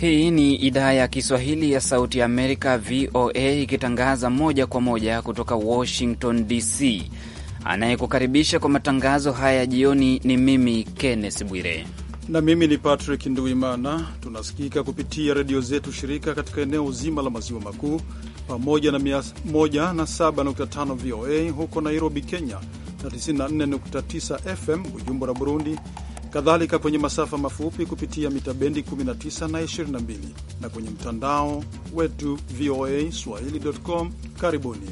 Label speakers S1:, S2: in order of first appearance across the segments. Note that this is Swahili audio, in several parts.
S1: Hii ni idhaa ya Kiswahili ya Sauti ya Amerika, VOA, ikitangaza moja kwa moja kutoka Washington DC. Anayekukaribisha kwa matangazo haya jioni ni mimi Kenneth Bwire
S2: na mimi ni Patrick Nduimana. Tunasikika kupitia redio zetu shirika katika eneo zima la maziwa makuu pamoja na 107.5 VOA huko Nairobi, Kenya na 94.9 FM Bujumbura, Burundi kadhalika kwenye masafa mafupi kupitia mita bendi 19 na 22 na kwenye mtandao wetu VOA swahili.com. Karibuni.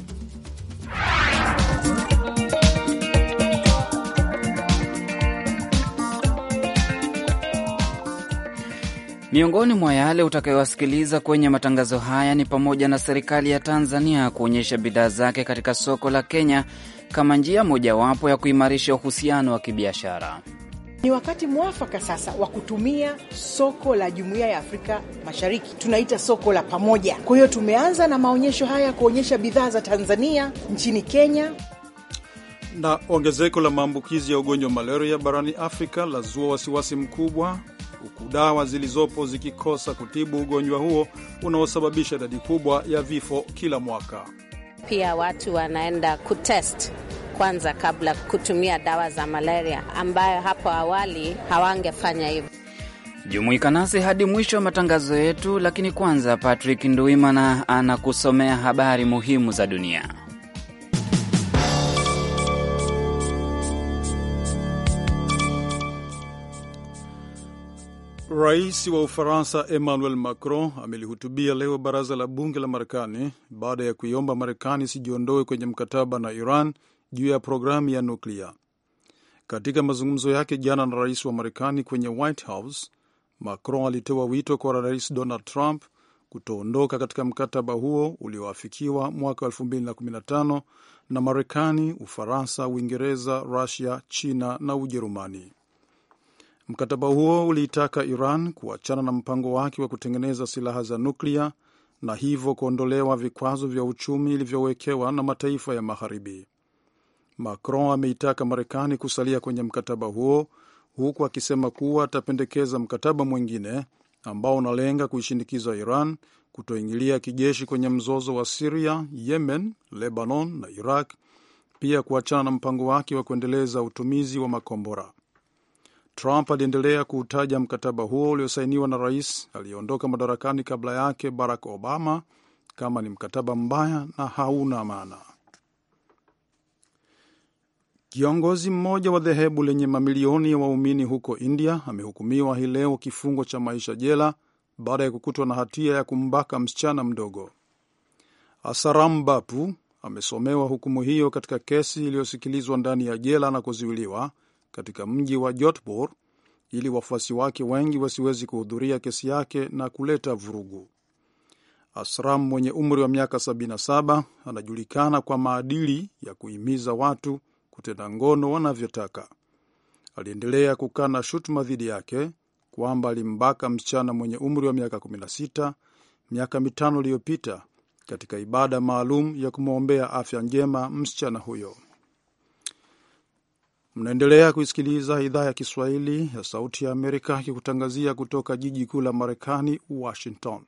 S1: Miongoni mwa yale utakayowasikiliza kwenye matangazo haya ni pamoja na serikali ya Tanzania kuonyesha bidhaa zake katika soko la Kenya kama njia mojawapo ya kuimarisha uhusiano wa kibiashara.
S3: Ni wakati mwafaka sasa wa kutumia soko la jumuiya ya Afrika Mashariki, tunaita soko la pamoja. Kwa hiyo tumeanza na maonyesho haya kuonyesha bidhaa za Tanzania nchini Kenya.
S2: Na ongezeko la maambukizi ya ugonjwa wa malaria barani Afrika lazua wasiwasi mkubwa, huku dawa zilizopo zikikosa kutibu ugonjwa huo unaosababisha idadi kubwa ya vifo kila mwaka.
S4: Pia watu wanaenda kutest kwanza kabla kutumia dawa za malaria ambayo hapo awali hawangefanya hivyo.
S1: Jumuika nasi hadi mwisho wa matangazo yetu, lakini kwanza Patrick Nduimana anakusomea habari muhimu za dunia.
S2: Rais wa Ufaransa Emmanuel Macron amelihutubia leo baraza la bunge la Marekani baada ya kuiomba Marekani isijiondoe kwenye mkataba na Iran juu ya programu ya nuklia. Katika mazungumzo yake jana na rais wa Marekani kwenye White House, Macron alitoa wito kwa rais Donald Trump kutoondoka katika mkataba huo ulioafikiwa mwaka 2015 na Marekani, Ufaransa, Uingereza, Rusia, China na Ujerumani. Mkataba huo uliitaka Iran kuachana na mpango wake wa kutengeneza silaha za nuklia na hivyo kuondolewa vikwazo vya uchumi ilivyowekewa na mataifa ya Magharibi. Macron ameitaka Marekani kusalia kwenye mkataba huo huku akisema kuwa atapendekeza mkataba mwingine ambao unalenga kuishinikiza Iran kutoingilia kijeshi kwenye mzozo wa Siria, Yemen, Lebanon na Iraq, pia kuachana na mpango wake wa kuendeleza utumizi wa makombora. Trump aliendelea kuutaja mkataba huo uliosainiwa na rais aliyeondoka madarakani kabla yake Barack Obama kama ni mkataba mbaya na hauna maana. Kiongozi mmoja wa dhehebu lenye mamilioni ya wa waumini huko India amehukumiwa hii leo kifungo cha maisha jela baada ya kukutwa na hatia ya kumbaka msichana mdogo. Asaram Bapu amesomewa hukumu hiyo katika kesi iliyosikilizwa ndani ya jela na kuzuiliwa katika mji wa Jodhpur ili wafuasi wake wengi wasiwezi kuhudhuria kesi yake na kuleta vurugu. Asram mwenye umri wa miaka 77 anajulikana kwa maadili ya kuhimiza watu kutenda ngono wanavyotaka. Aliendelea kukana shutuma dhidi yake kwamba alimbaka msichana mwenye umri wa miaka 16 miaka mitano iliyopita katika ibada maalum ya kumwombea afya njema msichana huyo. Mnaendelea kuisikiliza idhaa ya Kiswahili ya Sauti ya Amerika ikikutangazia kutoka jiji kuu la Marekani, Washington.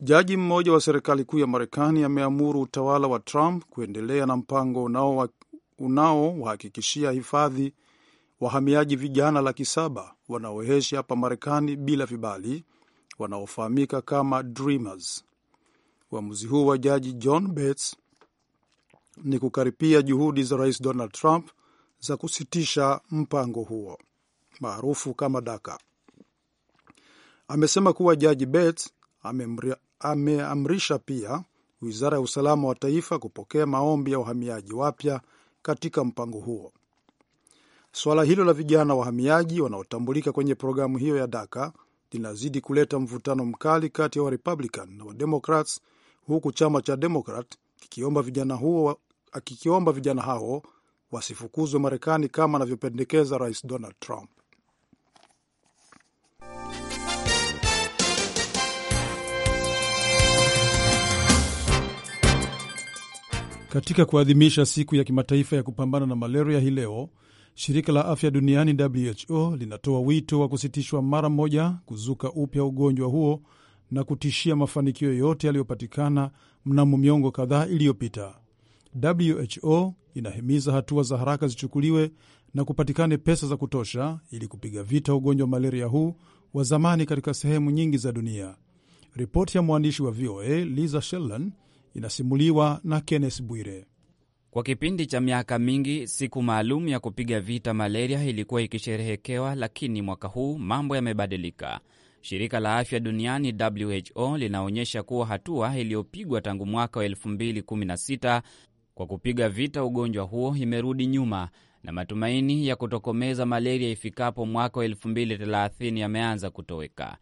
S2: Jaji mmoja wa serikali kuu ya Marekani ameamuru utawala wa Trump kuendelea na mpango unaowahakikishia hifadhi wahamiaji vijana laki saba wanaoheshi hapa Marekani bila vibali wanaofahamika kama dreamers. Uamuzi huu wa jaji John Bates ni kukaripia juhudi za rais Donald Trump za kusitisha mpango huo maarufu kama DACA. Amesema kuwa jaji Bates ameamrisha pia Wizara ya Usalama wa Taifa kupokea maombi ya wahamiaji wapya katika mpango huo. Suala hilo la vijana wahamiaji wanaotambulika kwenye programu hiyo ya Daka linazidi kuleta mvutano mkali kati ya Warepublican na Wademokrats, huku chama cha Demokrat kikiomba vijana huo vijana hao wasifukuzwe Marekani kama anavyopendekeza Rais Donald Trump. Katika kuadhimisha siku ya kimataifa ya kupambana na malaria hii leo, shirika la afya duniani WHO linatoa wito wa kusitishwa mara moja kuzuka upya ugonjwa huo na kutishia mafanikio yote yaliyopatikana mnamo miongo kadhaa iliyopita. WHO inahimiza hatua za haraka zichukuliwe na kupatikane pesa za kutosha ili kupiga vita ugonjwa wa malaria huu wa zamani katika sehemu nyingi za dunia. Ripoti ya mwandishi wa VOA Lisa Shelan inasimuliwa na Kennes Bwire.
S1: Kwa kipindi cha miaka mingi, siku maalum ya kupiga vita malaria ilikuwa ikisherehekewa, lakini mwaka huu mambo yamebadilika. Shirika la afya duniani WHO linaonyesha kuwa hatua iliyopigwa tangu mwaka wa 2016 kwa kupiga vita ugonjwa huo imerudi nyuma na matumaini ya kutokomeza malaria ifikapo mwaka wa 2030 yameanza kutoweka.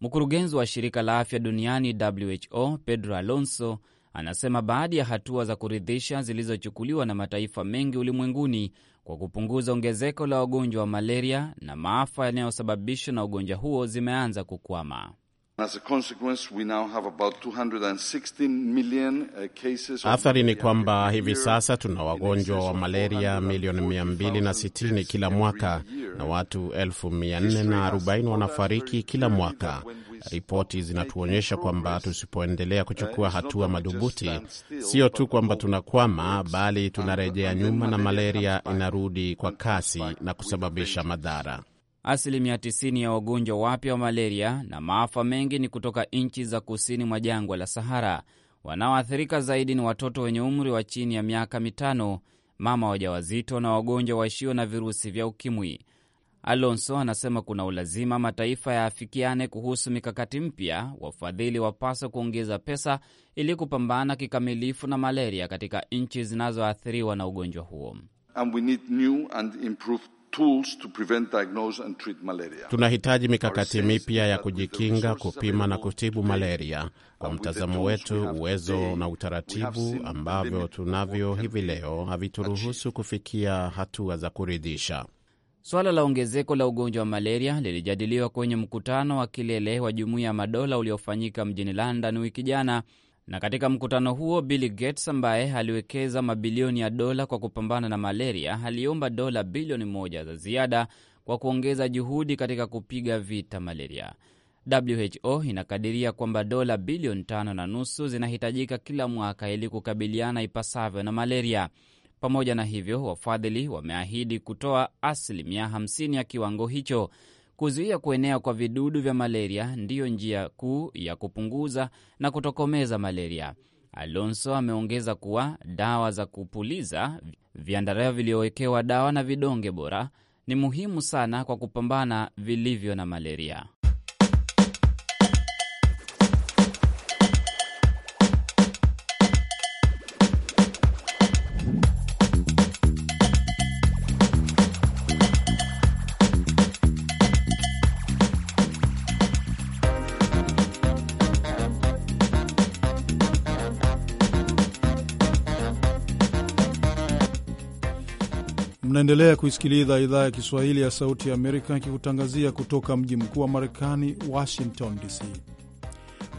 S1: Mkurugenzi wa shirika la afya duniani WHO Pedro Alonso Anasema baadhi ya hatua za kuridhisha zilizochukuliwa na mataifa mengi ulimwenguni kwa kupunguza ongezeko la wagonjwa wa malaria na maafa yanayosababishwa na ugonjwa huo zimeanza kukwama. Athari ni kwamba hivi sasa tuna wagonjwa wa malaria milioni 260 kila mwaka na watu 440 wanafariki kila mwaka. Ripoti zinatuonyesha kwamba tusipoendelea kuchukua uh, hatua madhubuti, sio tu kwamba tunakwama, bali tunarejea nyuma na malaria inarudi kwa kasi na kusababisha madhara. Asilimia 90 ya wagonjwa wapya wa malaria na maafa mengi ni kutoka nchi za kusini mwa jangwa la Sahara. Wanaoathirika zaidi ni watoto wenye umri wa chini ya miaka mitano, mama wajawazito na wagonjwa waishio na virusi vya ukimwi. Alonso anasema kuna ulazima mataifa yaafikiane kuhusu mikakati mpya. Wafadhili wapaswa kuongeza pesa ili kupambana kikamilifu na malaria katika nchi zinazoathiriwa na ugonjwa huo.
S2: And we need new and improved tools to prevent, diagnose and treat malaria.
S1: Tunahitaji mikakati mipya ya kujikinga, kupima na kutibu malaria kwa mtazamo wetu. Uwezo na utaratibu ambavyo tunavyo hivi leo havituruhusu kufikia hatua za kuridhisha. Swala la ongezeko la ugonjwa wa malaria lilijadiliwa kwenye mkutano wa kilele wa Jumuiya ya Madola uliofanyika mjini London wiki jana na katika mkutano huo Bill Gates ambaye aliwekeza mabilioni ya dola kwa kupambana na malaria aliomba dola bilioni moja za ziada kwa kuongeza juhudi katika kupiga vita malaria. WHO inakadiria kwamba dola bilioni tano na nusu zinahitajika kila mwaka ili kukabiliana ipasavyo na malaria. Pamoja na hivyo, wafadhili wameahidi kutoa asilimia 50 ya kiwango hicho. Kuzuia kuenea kwa vidudu vya malaria ndiyo njia kuu ya kupunguza na kutokomeza malaria. Alonso ameongeza kuwa dawa za kupuliza, vyandarua viliyowekewa dawa na vidonge bora ni muhimu sana kwa kupambana vilivyo na malaria.
S2: Mnaendelea kuisikiliza idhaa ya Kiswahili ya Sauti ya Amerika ikikutangazia kutoka mji mkuu wa Marekani, Washington DC.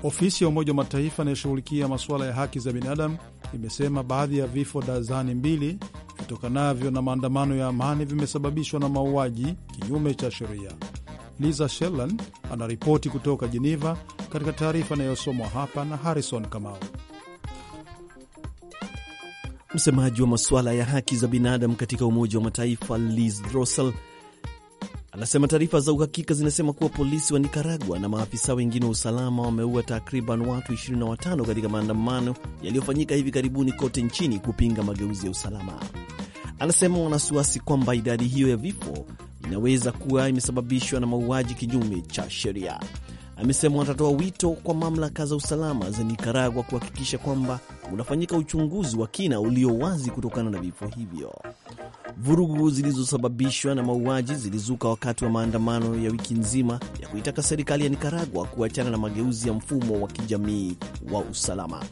S2: Ofisi ya Umoja wa Mataifa inayoshughulikia masuala ya haki za binadamu imesema baadhi ya vifo dazani mbili vitokanavyo na maandamano ya amani vimesababishwa na mauaji kinyume cha sheria. Liza Shelan anaripoti kutoka Jeneva katika taarifa inayosomwa hapa na Harrison Kamau. Msemaji wa masuala ya
S5: haki za binadamu katika Umoja wa Mataifa Liz Drossel anasema taarifa za uhakika zinasema kuwa polisi wa Nikaragua na maafisa wengine wa usalama wameua takriban watu 25 katika maandamano yaliyofanyika hivi karibuni kote nchini kupinga mageuzi ya usalama. Anasema wanasiwasi kwamba idadi hiyo ya vifo inaweza kuwa imesababishwa na mauaji kinyume cha sheria amesema watatoa wito kwa mamlaka za usalama za Nikaragua kuhakikisha kwamba unafanyika uchunguzi wa kina ulio wazi kutokana na vifo hivyo. Vurugu zilizosababishwa na mauaji zilizuka wakati wa maandamano ya wiki nzima ya kuitaka serikali ya Nikaragua kuachana na mageuzi ya mfumo wa kijamii wa usalama.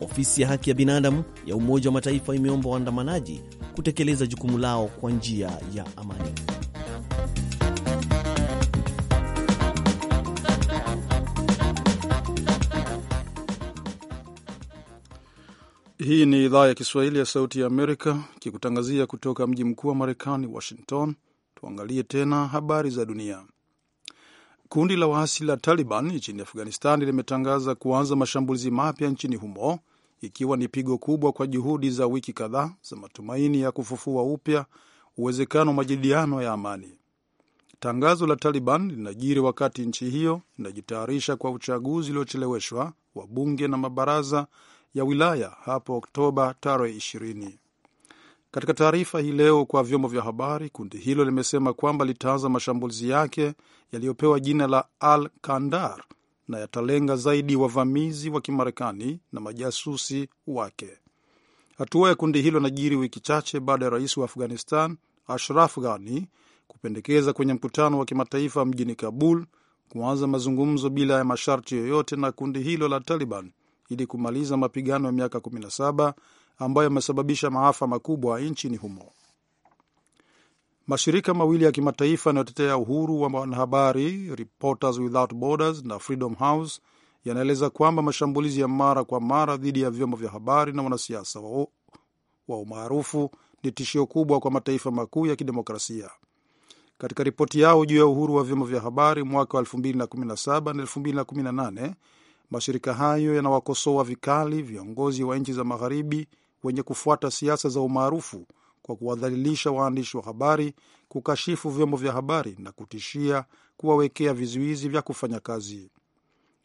S5: Ofisi ya haki ya binadamu ya Umoja wa Mataifa imeomba waandamanaji kutekeleza jukumu lao kwa njia ya amani.
S2: Hii ni idhaa ya Kiswahili ya Sauti ya Amerika kikutangazia kutoka mji mkuu wa Marekani, Washington. Tuangalie tena habari za dunia. Kundi la waasi la Taliban nchini Afghanistan limetangaza kuanza mashambulizi mapya nchini humo, ikiwa ni pigo kubwa kwa juhudi za wiki kadhaa za matumaini ya kufufua upya uwezekano wa majadiliano ya amani. Tangazo la Taliban linajiri wakati nchi hiyo inajitayarisha kwa uchaguzi uliocheleweshwa wa bunge na mabaraza ya wilaya hapo Oktoba tarehe ishirini. Katika taarifa hii leo kwa vyombo vya habari, kundi hilo limesema kwamba litaanza mashambulizi yake yaliyopewa jina la Al Kandar na yatalenga zaidi wavamizi wa Kimarekani na majasusi wake. Hatua ya kundi hilo inajiri wiki chache baada ya rais wa Afghanistan Ashraf Ghani kupendekeza kwenye mkutano wa kimataifa mjini Kabul kuanza mazungumzo bila ya masharti yoyote na kundi hilo la Taliban ili kumaliza mapigano ya miaka 17 ambayo yamesababisha maafa makubwa nchini humo. Mashirika mawili ya kimataifa yanayotetea uhuru wa wanahabari, Reporters Without Borders na Freedom House, yanaeleza kwamba mashambulizi ya mara kwa mara dhidi ya vyombo vya habari na wanasiasa wa, wa umaarufu ni tishio kubwa kwa mataifa makuu ya kidemokrasia. Katika ripoti yao juu ya uhuru wa vyombo vya habari mwaka wa 2017 na 2018 Mashirika hayo yanawakosoa vikali viongozi wa nchi za magharibi wenye kufuata siasa za umaarufu kwa kuwadhalilisha waandishi wa habari, kukashifu vyombo vya habari na kutishia kuwawekea vizuizi vya kufanya kazi.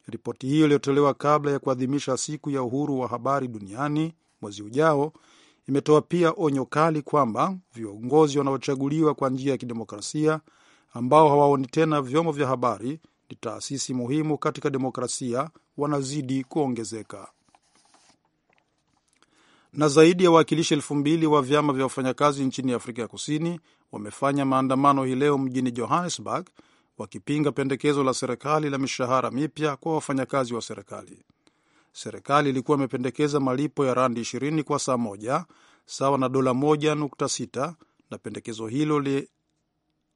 S2: Ripoti hiyo iliyotolewa kabla ya kuadhimisha siku ya uhuru wa habari duniani mwezi ujao imetoa pia onyo kali kwamba viongozi wanaochaguliwa kwa njia ya kidemokrasia ambao hawaoni tena vyombo vya habari ni taasisi muhimu katika demokrasia wanazidi kuongezeka na zaidi ya wawakilishi elfu mbili wa vyama vya wafanyakazi nchini Afrika ya Kusini wamefanya maandamano hii leo mjini Johannesburg wakipinga pendekezo la serikali la mishahara mipya kwa wafanyakazi wa serikali. Serikali ilikuwa imependekeza malipo ya randi 20 kwa saa moja sawa na dola 1.6 na pendekezo hilo li,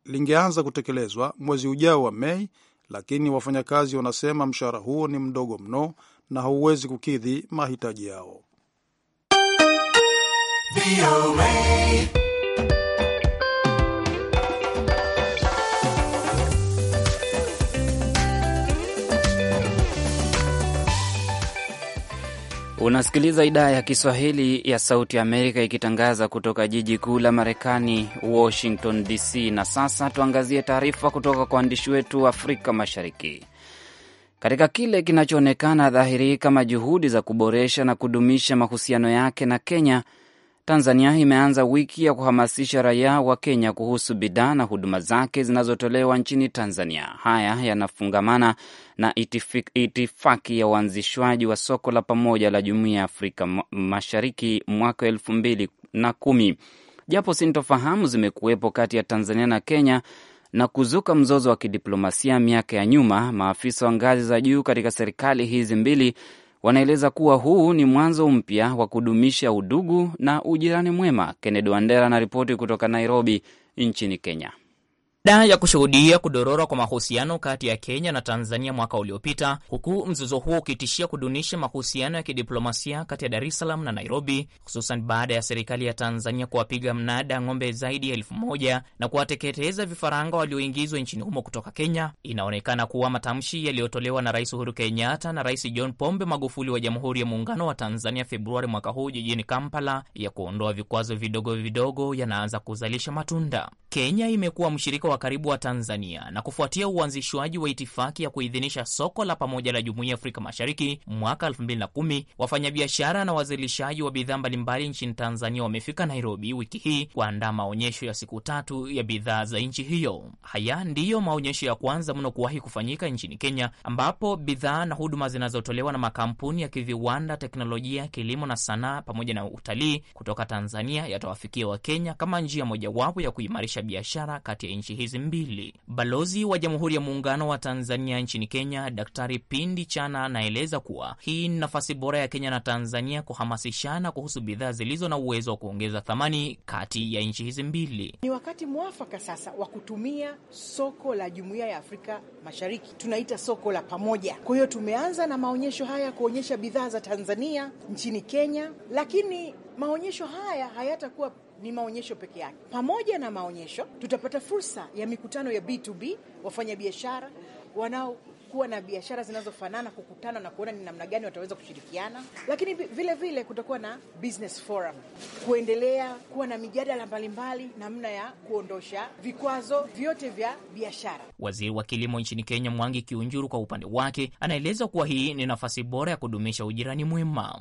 S2: lingeanza kutekelezwa mwezi ujao wa Mei lakini wafanyakazi wanasema mshahara huo ni mdogo mno na hauwezi kukidhi mahitaji yao.
S1: Unasikiliza idhaa ya Kiswahili ya Sauti ya Amerika ikitangaza kutoka jiji kuu la Marekani, Washington DC. Na sasa tuangazie taarifa kutoka kwa waandishi wetu wa Afrika Mashariki. Katika kile kinachoonekana dhahiri kama juhudi za kuboresha na kudumisha mahusiano yake na Kenya, Tanzania imeanza wiki ya kuhamasisha raia wa Kenya kuhusu bidhaa na huduma zake zinazotolewa nchini Tanzania. Haya yanafungamana na itifaki ya uanzishwaji wa soko la pamoja la Jumuiya ya Afrika Mashariki mwaka elfu mbili na kumi. Japo sintofahamu zimekuwepo kati ya Tanzania na Kenya na kuzuka mzozo wa kidiplomasia miaka ya nyuma, maafisa wa ngazi za juu katika serikali hizi mbili Wanaeleza kuwa huu ni mwanzo mpya wa kudumisha udugu na ujirani mwema. Kennedy Wandera anaripoti kutoka Nairobi nchini Kenya
S6: baada ya kushuhudia kudorora kwa mahusiano kati ya Kenya na Tanzania mwaka uliopita, huku mzozo huo ukitishia kudunisha mahusiano ya kidiplomasia kati ya Dar es Salaam na Nairobi, hususan baada ya serikali ya Tanzania kuwapiga mnada ng'ombe zaidi ya elfu moja na kuwateketeza vifaranga walioingizwa nchini humo kutoka Kenya. Inaonekana kuwa matamshi yaliyotolewa na Rais Uhuru Kenyatta na Rais John Pombe Magufuli wa Jamhuri ya Muungano wa Tanzania Februari mwaka huu jijini Kampala ya kuondoa vikwazo vidogo vidogo yanaanza kuzalisha matunda. Kenya imekuwa mshirika wa karibu wa Tanzania na kufuatia uanzishwaji wa itifaki ya kuidhinisha soko la pamoja la Jumuiya Afrika Mashariki mwaka 2010, wafanyabiashara na wazalishaji wa bidhaa mbalimbali nchini Tanzania wamefika Nairobi wiki hii kuandaa maonyesho ya siku tatu ya bidhaa za nchi hiyo. Haya ndiyo maonyesho ya kwanza mno kuwahi kufanyika nchini Kenya, ambapo bidhaa na huduma zinazotolewa na makampuni ya kiviwanda, teknolojia, kilimo na sanaa pamoja na utalii kutoka Tanzania yatawafikia Wakenya kama njia mojawapo ya kuimarisha biashara kati ya nchi hizi hizi mbili. Balozi wa Jamhuri ya Muungano wa Tanzania nchini Kenya, Daktari Pindi Chana, anaeleza kuwa hii ni nafasi bora ya Kenya na Tanzania kuhamasishana kuhusu bidhaa zilizo na uwezo wa kuongeza thamani kati ya nchi hizi mbili.
S3: Ni wakati mwafaka sasa wa kutumia soko la Jumuiya ya Afrika Mashariki, tunaita soko la pamoja. Kwa hiyo tumeanza na maonyesho haya kuonyesha bidhaa za Tanzania nchini Kenya, lakini maonyesho haya hayatakuwa ni maonyesho peke yake. Pamoja na maonyesho, tutapata fursa ya mikutano ya B2B, wafanyabiashara wanao kuwa na biashara zinazofanana, kukutana na kuona ni namna gani wataweza kushirikiana, lakini vile vile kutakuwa na business forum, kuendelea kuwa na mijadala mbalimbali, namna ya kuondosha vikwazo vyote vya biashara.
S6: Waziri wa kilimo nchini Kenya, Mwangi Kiunjuru, kwa upande wake anaeleza kuwa hii ni nafasi bora ya kudumisha ujirani mwema.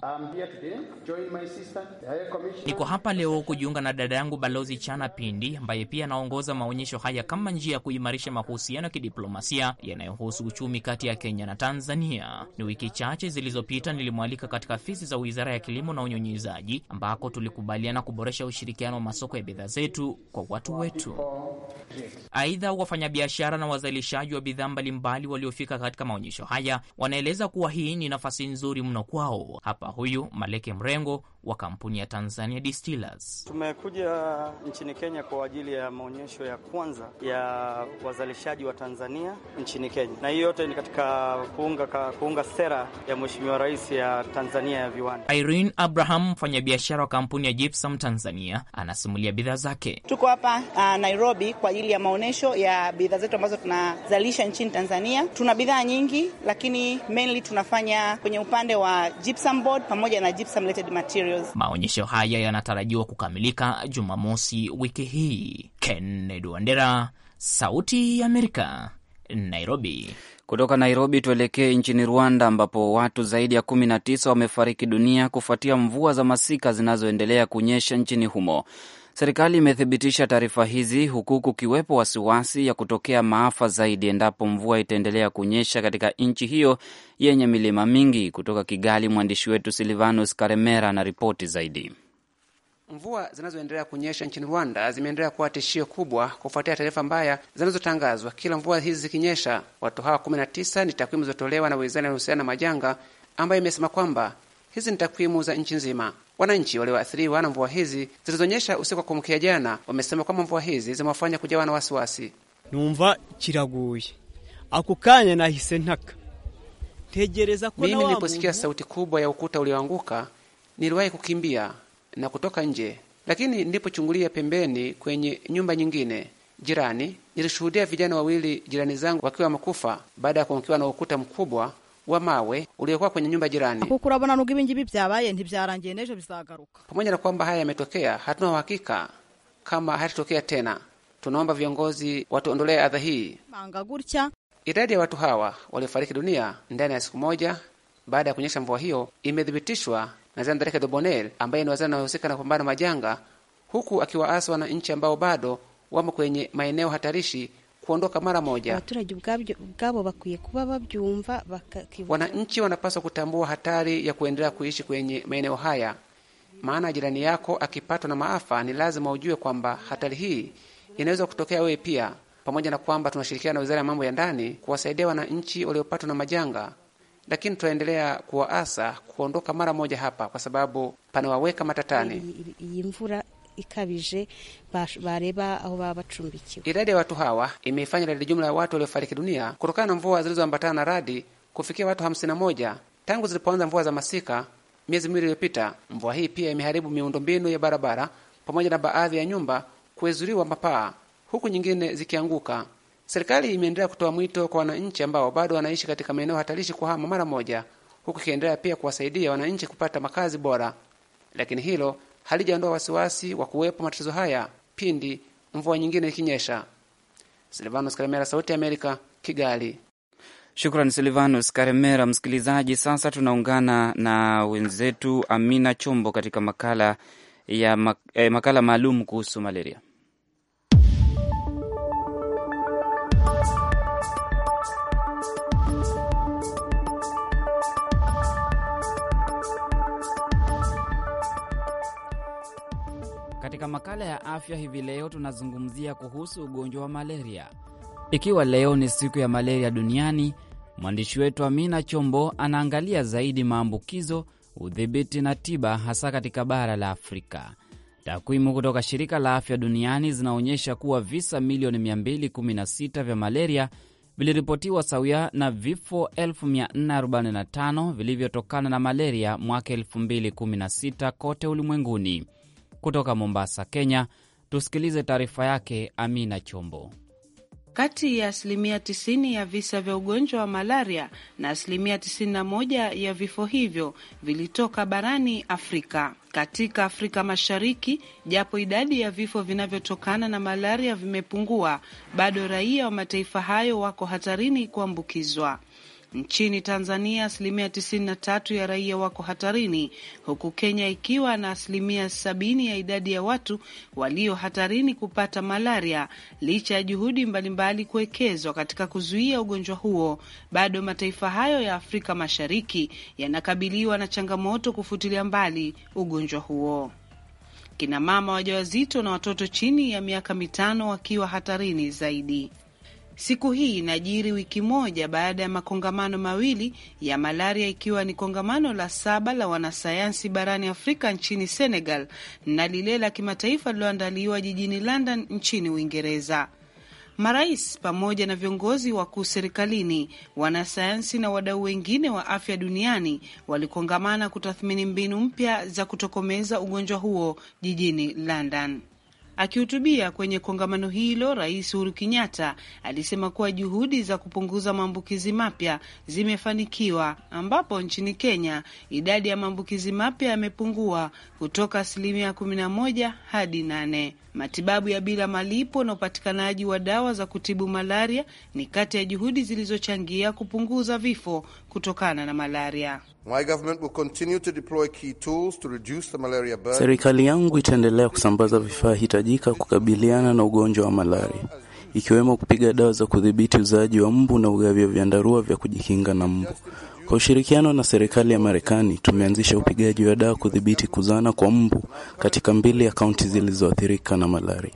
S6: Niko hapa leo kujiunga na dada yangu Balozi Chana Pindi ambaye pia anaongoza maonyesho haya kama njia ya kuimarisha mahusiano ya kidiplomasia yanayohusu uchumi kiuchumi kati ya Kenya na Tanzania. Ni wiki chache zilizopita nilimwalika katika afisi za Wizara ya Kilimo na Unyunyizaji ambako tulikubaliana kuboresha ushirikiano wa masoko ya bidhaa zetu kwa watu wetu. Aidha, wafanyabiashara na wazalishaji wa bidhaa mbalimbali waliofika katika maonyesho haya wanaeleza kuwa hii ni nafasi nzuri mno kwao. Hapa huyu Maleke Mrengo wa kampuni ya Tanzania Distillers.
S4: Tumekuja
S1: nchini Kenya kwa ajili ya maonyesho ya kwanza ya wazalishaji wa Tanzania nchini Kenya, na hiyo yote ni katika kuunga, kuunga sera ya Mheshimiwa Rais ya Tanzania ya viwanda.
S6: Irene Abraham, mfanyabiashara wa kampuni ya Gypsum Tanzania, anasimulia bidhaa zake.
S7: Tuko hapa uh, Nairobi kwa ajili ya maonyesho ya bidhaa zetu ambazo tunazalisha nchini Tanzania. Tuna bidhaa nyingi, lakini mainly tunafanya kwenye upande wa gypsum board pamoja na gypsum related materials.
S6: Maonyesho haya yanatarajiwa kukamilika Jumamosi wiki hii. Kennedy Wandera, Sauti ya Amerika,
S1: Nairobi. Kutoka Nairobi tuelekee nchini Rwanda, ambapo watu zaidi ya kumi na tisa wamefariki dunia kufuatia mvua za masika zinazoendelea kunyesha nchini humo. Serikali imethibitisha taarifa hizi huku kukiwepo wasiwasi ya kutokea maafa zaidi endapo mvua itaendelea kunyesha katika nchi hiyo yenye milima mingi. Kutoka Kigali, mwandishi wetu Silvanus Karemera ana ripoti zaidi.
S8: Mvua zinazoendelea kunyesha nchini Rwanda zimeendelea kuwa tishio kubwa kufuatia taarifa mbaya zinazotangazwa kila mvua hizi zikinyesha. Watu hawa 19 ni takwimu zilizotolewa na wizara inayohusiana na majanga, ambayo imesema kwamba hizi ni takwimu za nchi nzima. Wananchi walioathiriwa na mvua hizi zilizonyesha usiku wa kuamkia jana wamesema kwamba mvua hizi zimewafanya kujawa na wasiwasi. numva kiraguye
S5: akukanya
S8: nahise ntaka tegereza. Mimi niliposikia sauti kubwa ya ukuta ulioanguka niliwahi kukimbia na kutoka nje, lakini nilipochungulia pembeni kwenye nyumba nyingine jirani, nilishuhudia vijana wawili jirani zangu wakiwa makufa baada ya kuangukiwa na ukuta mkubwa wa mawe uliokuwa kwenye nyumba jirani. Pamoja na kwamba haya yametokea, hatuna uhakika kama hayatatokea tena. Tunaomba viongozi watuondolee adha hii. Idadi ya watu hawa waliofariki dunia ndani ya siku moja baada ya kunyesha mvua hiyo, imethibitishwa na Jean de Dobonel ambaye ni waziri anayehusika na kupambana majanga, huku akiwaasa wananchi ambao bado wamo kwenye maeneo hatarishi kuondoka mara moja. Wananchi wanapaswa kutambua hatari ya kuendelea kuishi kwenye maeneo haya, maana jirani yako akipatwa na maafa, ni lazima ujue kwamba hatari hii inaweza kutokea wewe pia. Pamoja na kwamba tunashirikiana na wizara ya mambo ya ndani kuwasaidia wananchi waliopatwa na majanga lakini tunaendelea kuwaasa kuondoka mara moja hapa, kwa sababu panawaweka matatani. Idadi ya watu hawa imeifanya idadi jumla ya watu waliofariki dunia kutokana na mvua zilizoambatana na radi kufikia watu 51 tangu zilipoanza mvua za masika miezi miwili iliyopita. Mvua hii pia imeharibu miundombinu ya barabara pamoja na baadhi ya nyumba kuezuliwa mapaa, huku nyingine zikianguka. Serikali imeendelea kutoa mwito kwa wananchi ambao bado wanaishi katika maeneo hatarishi kuhama mara moja, huku ikiendelea pia kuwasaidia wananchi kupata makazi bora, lakini hilo halijaondoa wasiwasi wa kuwepo matatizo haya pindi mvua nyingine ikinyesha. Silvanos Karemera, Sauti ya Amerika, Kigali.
S1: Shukran Silvanus Karemera. Msikilizaji, sasa tunaungana na wenzetu Amina Chombo katika makala ya eh, makala maalum kuhusu malaria. Katika makala ya afya hivi leo tunazungumzia kuhusu ugonjwa wa malaria. Ikiwa leo ni siku ya malaria duniani, mwandishi wetu Amina Chombo anaangalia zaidi maambukizo, udhibiti na tiba, hasa katika bara la Afrika. Takwimu kutoka shirika la afya duniani zinaonyesha kuwa visa milioni 216 vya malaria viliripotiwa sawia na vifo 445 vilivyotokana na malaria mwaka 2016 kote ulimwenguni. Kutoka Mombasa, Kenya, tusikilize taarifa yake Amina Chombo.
S7: Kati ya asilimia 90 ya visa vya ugonjwa wa malaria na asilimia 91 ya vifo hivyo vilitoka barani Afrika. Katika Afrika Mashariki, japo idadi ya vifo vinavyotokana na malaria vimepungua, bado raia wa mataifa hayo wako hatarini kuambukizwa. Nchini Tanzania asilimia 93 ya raia wako hatarini, huku Kenya ikiwa na asilimia 70 ya idadi ya watu walio hatarini kupata malaria. Licha ya juhudi mbalimbali kuwekezwa katika kuzuia ugonjwa huo, bado mataifa hayo ya Afrika Mashariki yanakabiliwa na changamoto kufutilia mbali ugonjwa huo. Kinamama wajawazito na watoto chini ya miaka mitano wakiwa hatarini zaidi. Siku hii inajiri wiki moja baada ya makongamano mawili ya malaria ikiwa ni kongamano la saba la wanasayansi barani Afrika nchini Senegal na lile la kimataifa lililoandaliwa jijini London nchini Uingereza. Marais pamoja na viongozi wakuu serikalini, wanasayansi na wadau wengine wa afya duniani walikongamana kutathmini mbinu mpya za kutokomeza ugonjwa huo jijini London. Akihutubia kwenye kongamano hilo, Rais Uhuru Kenyatta alisema kuwa juhudi za kupunguza maambukizi mapya zimefanikiwa, ambapo nchini Kenya idadi ya maambukizi mapya yamepungua kutoka asilimia 11 hadi 8 matibabu ya bila malipo na upatikanaji wa dawa za kutibu malaria ni kati ya juhudi zilizochangia kupunguza vifo kutokana na malaria.
S5: Serikali yangu itaendelea kusambaza vifaa hitajika kukabiliana na ugonjwa wa malaria ikiwemo kupiga dawa za kudhibiti uzaaji wa mbu na ugavi wa vyandarua vya kujikinga na mbu kwa ushirikiano na serikali ya Marekani, tumeanzisha upigaji wa dawa kudhibiti kuzana kwa mbu katika mbili ya kaunti zilizoathirika na
S2: malaria.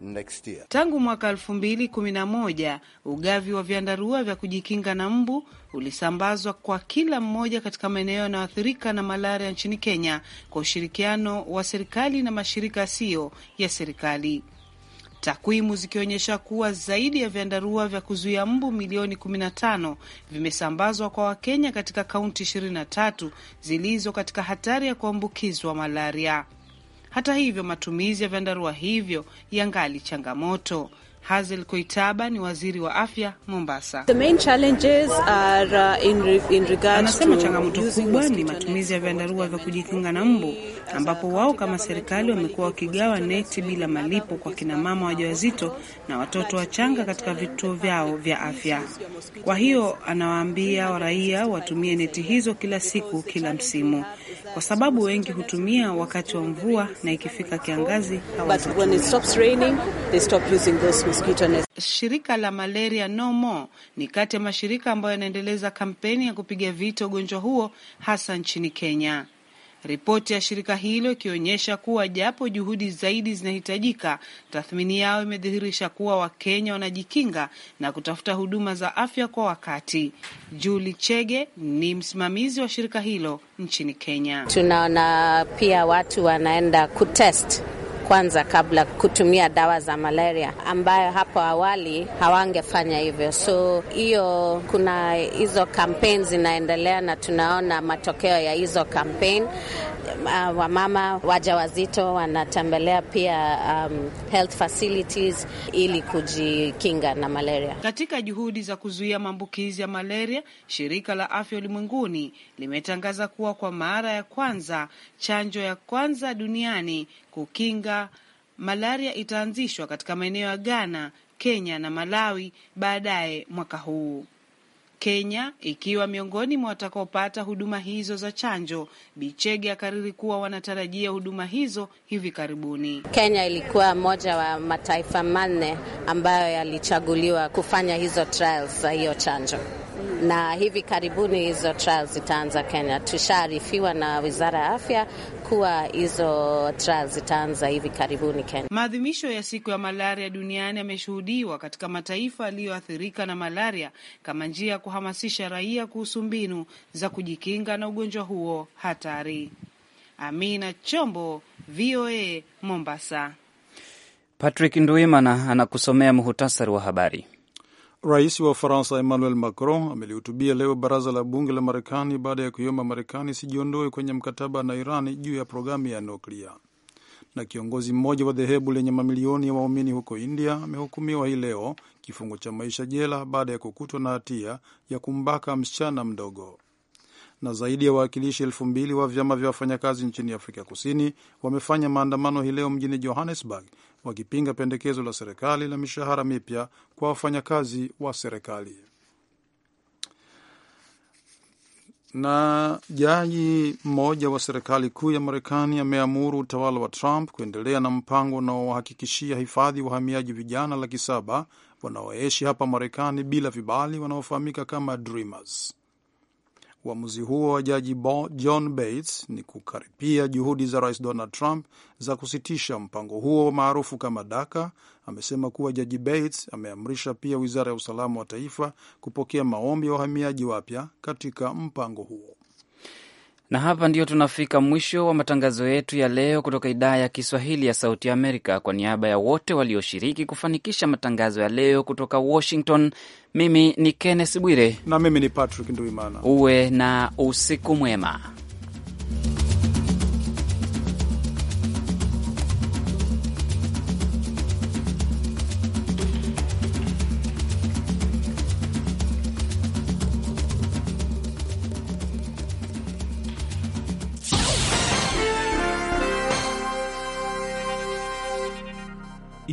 S2: Next year. Tangu mwaka
S7: 2011 ugavi wa vyandarua vya kujikinga na mbu ulisambazwa kwa kila mmoja katika maeneo yanayoathirika na malaria nchini Kenya kwa ushirikiano wa serikali na mashirika yasiyo ya serikali takwimu zikionyesha kuwa zaidi ya vyandarua vya kuzuia mbu milioni 15 vimesambazwa kwa Wakenya katika kaunti 23 zilizo katika hatari ya kuambukizwa malaria. Hata hivyo, matumizi ya vyandarua hivyo yangali changamoto. Hazel Koitaba ni waziri wa afya Mombasa. Uh, Anasema changamoto kubwa ni matumizi ya vyandarua vya kujikinga na mbu, ambapo wao kama serikali wamekuwa wakigawa neti bila malipo kwa kinamama wajawazito na watoto wachanga katika vituo vyao vya afya. Kwa hiyo anawaambia raia watumie neti hizo kila siku, kila msimu kwa sababu wengi hutumia wakati wa mvua na ikifika kiangazi Shirika la Malaria No More ni kati ya mashirika ambayo yanaendeleza kampeni ya kupiga vita ugonjwa huo hasa nchini Kenya ripoti ya shirika hilo ikionyesha kuwa japo juhudi zaidi zinahitajika, tathmini yao imedhihirisha kuwa Wakenya wanajikinga na kutafuta huduma za afya kwa wakati. Juli Chege ni msimamizi wa shirika hilo nchini Kenya. Tunaona
S4: pia watu wanaenda kutest kwanza kabla kutumia dawa za malaria, ambayo hapo awali hawangefanya hivyo. So hiyo, kuna hizo kampeni zinaendelea na tunaona matokeo ya hizo kampeni uh, wamama wazito wanatembelea pia um, health facilities ili kujikinga na malaria.
S7: Katika juhudi za kuzuia maambukizi ya malaria, shirika la afya ulimwenguni limetangaza kuwa kwa mara ya kwanza chanjo ya kwanza duniani kukinga malaria itaanzishwa katika maeneo ya Ghana, Kenya na Malawi baadaye mwaka huu. Kenya ikiwa miongoni mwa watakaopata huduma hizo za chanjo. Bichege akariri kuwa wanatarajia huduma hizo hivi karibuni. Kenya ilikuwa
S4: moja wa mataifa manne ambayo yalichaguliwa kufanya hizo trials za hiyo chanjo na hivi karibuni hizo trials zitaanza Kenya. Tushaarifiwa na wizara ya afya kuwa hizo trial zitaanza hivi karibuni Kenya.
S7: Maadhimisho ya siku ya malaria duniani yameshuhudiwa katika mataifa yaliyoathirika na malaria kama njia ya kuhamasisha raia kuhusu mbinu za kujikinga na ugonjwa huo hatari. Amina Chombo, VOA, Mombasa.
S1: Patrick Nduimana anakusomea muhutasari wa habari.
S2: Rais wa Ufaransa Emmanuel Macron amelihutubia leo baraza la bunge la Marekani baada ya kuiomba Marekani isijiondoe kwenye mkataba na Irani juu ya programu ya nuklia. Na kiongozi mmoja wa dhehebu lenye mamilioni ya waumini huko India amehukumiwa hii leo kifungo cha maisha jela baada ya kukutwa na hatia ya kumbaka msichana mdogo. Na zaidi ya wawakilishi elfu mbili wa vyama vya wafanyakazi nchini Afrika Kusini wamefanya maandamano hii leo mjini Johannesburg wakipinga pendekezo la serikali la mishahara mipya kwa wafanyakazi wa serikali. Na jaji mmoja wa serikali kuu ya Marekani ameamuru utawala wa Trump kuendelea na mpango unaowahakikishia hifadhi wahamiaji vijana laki saba wanaoishi hapa Marekani bila vibali wanaofahamika kama dreamers. Uamuzi huo wa jaji John Bates ni kukaripia juhudi za rais Donald Trump za kusitisha mpango huo maarufu kama Daka. Amesema kuwa jaji Bates ameamrisha pia wizara ya usalama wa taifa kupokea maombi ya wahamiaji wapya katika mpango huo.
S1: Na hapa ndio tunafika mwisho wa matangazo yetu ya leo kutoka idhaa ya Kiswahili ya Sauti Amerika. Kwa niaba ya wote walioshiriki kufanikisha matangazo ya leo kutoka Washington, mimi ni Kenneth Bwire na mimi ni Patrick Nduimana. Uwe na usiku mwema.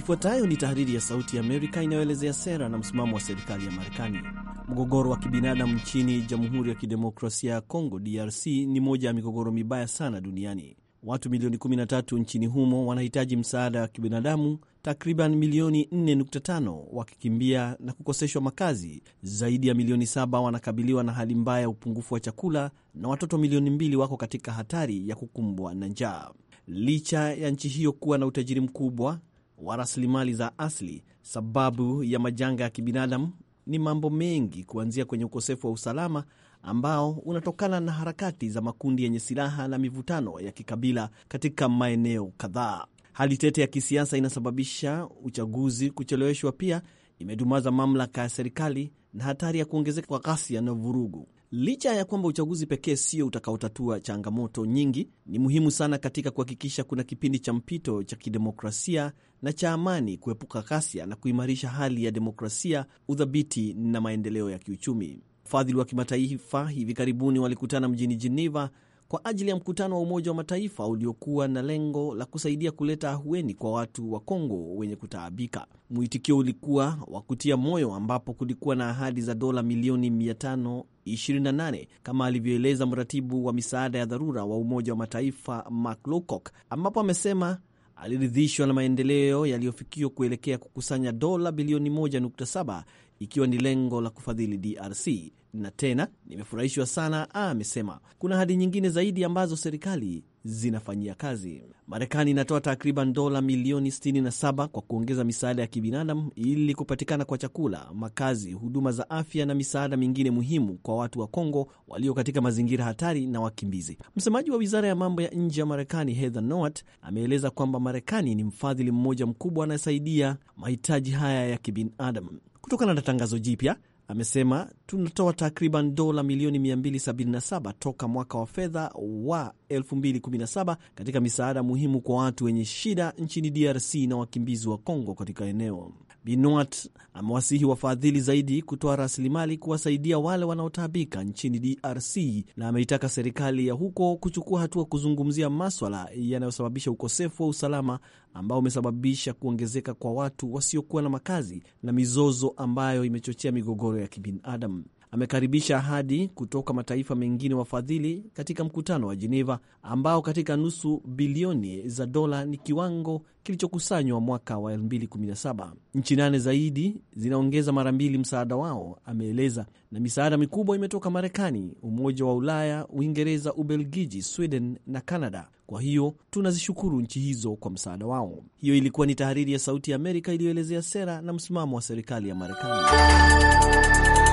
S5: Ifuatayo ni tahariri ya Sauti ya Amerika inayoelezea sera na msimamo wa serikali ya Marekani. Mgogoro wa kibinadamu nchini Jamhuri ya Kidemokrasia ya Kongo, DRC, ni moja ya migogoro mibaya sana duniani. Watu milioni 13 nchini humo wanahitaji msaada wa kibinadamu, takriban milioni 4.5 wakikimbia na kukoseshwa makazi. Zaidi ya milioni saba wanakabiliwa na hali mbaya ya upungufu wa chakula na watoto milioni mbili wako katika hatari ya kukumbwa na njaa. Licha ya nchi hiyo kuwa na utajiri mkubwa, wa rasilimali za asili. Sababu ya majanga ya kibinadamu ni mambo mengi, kuanzia kwenye ukosefu wa usalama ambao unatokana na harakati za makundi yenye silaha na mivutano ya kikabila katika maeneo kadhaa. Hali tete ya kisiasa inasababisha uchaguzi kucheleweshwa, pia imedumaza mamlaka ya serikali na hatari ya kuongezeka kwa ghasia na vurugu. Licha ya kwamba uchaguzi pekee sio utakaotatua changamoto nyingi, ni muhimu sana katika kuhakikisha kuna kipindi cha mpito cha kidemokrasia na cha amani, kuepuka ghasia na kuimarisha hali ya demokrasia, uthabiti na maendeleo ya kiuchumi. Wafadhili wa kimataifa hivi karibuni walikutana mjini Geneva kwa ajili ya mkutano wa Umoja wa Mataifa uliokuwa na lengo la kusaidia kuleta ahueni kwa watu wa Kongo wenye kutaabika. Mwitikio ulikuwa wa kutia moyo, ambapo kulikuwa na ahadi za dola milioni 528 kama alivyoeleza mratibu wa misaada ya dharura wa Umoja wa Mataifa Mark Lowcock, ambapo amesema aliridhishwa na maendeleo yaliyofikiwa kuelekea kukusanya dola bilioni 1.7 ikiwa ni lengo la kufadhili DRC na tena nimefurahishwa sana, amesema. Kuna hadi nyingine zaidi ambazo serikali zinafanyia kazi. Marekani inatoa takriban dola milioni 67 kwa kuongeza misaada ya kibinadamu ili kupatikana kwa chakula, makazi, huduma za afya na misaada mingine muhimu kwa watu wa Kongo walio katika mazingira hatari na wakimbizi. Msemaji wa wizara ya mambo ya nje ya Marekani Heather Nauert ameeleza kwamba Marekani ni mfadhili mmoja mkubwa anayesaidia mahitaji haya ya kibinadamu kutokana na tangazo jipya, amesema tunatoa takriban dola milioni 277 toka mwaka wa fedha wa 2017 katika misaada muhimu kwa watu wenye shida nchini DRC na wakimbizi wa Kongo katika eneo. Binwat amewasihi wafadhili zaidi kutoa rasilimali kuwasaidia wale wanaotaabika nchini DRC na ameitaka serikali ya huko kuchukua hatua kuzungumzia maswala yanayosababisha ukosefu wa usalama ambao umesababisha kuongezeka kwa watu wasiokuwa na makazi na mizozo ambayo imechochea migogoro ya kibinadamu amekaribisha ahadi kutoka mataifa mengine wafadhili katika mkutano wa jeneva ambao katika nusu bilioni za dola ni kiwango kilichokusanywa mwaka wa 2017. Nchi nane zaidi zinaongeza mara mbili msaada wao, ameeleza, na misaada mikubwa imetoka Marekani, Umoja wa Ulaya, Uingereza, Ubelgiji, Sweden na canada Kwa hiyo tunazishukuru nchi hizo kwa msaada wao. Hiyo ilikuwa ni tahariri ya Sauti ya Amerika iliyoelezea sera na msimamo wa serikali ya Marekani.